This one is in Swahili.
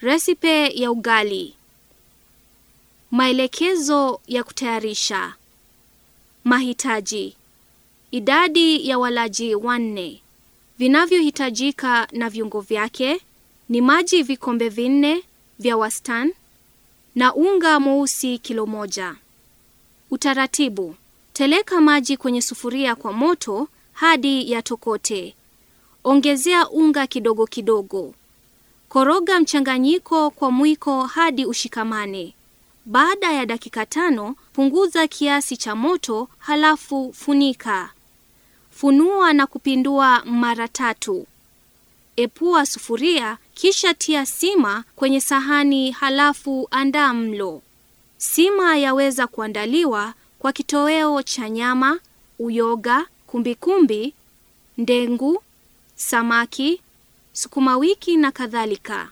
Resipe ya ugali. Maelekezo ya kutayarisha. Mahitaji: idadi ya walaji wanne. Vinavyohitajika na viungo vyake ni maji vikombe vinne vya wastani na unga mweusi kilo moja. Utaratibu: teleka maji kwenye sufuria kwa moto hadi yatokote. Ongezea unga kidogo kidogo. Koroga mchanganyiko kwa mwiko hadi ushikamane. Baada ya dakika tano, punguza kiasi cha moto halafu funika. Funua na kupindua mara tatu. Epua sufuria kisha tia sima kwenye sahani halafu andaa mlo. Sima yaweza kuandaliwa kwa kitoweo cha nyama, uyoga, kumbikumbi, ndengu, samaki sukuma wiki na kadhalika.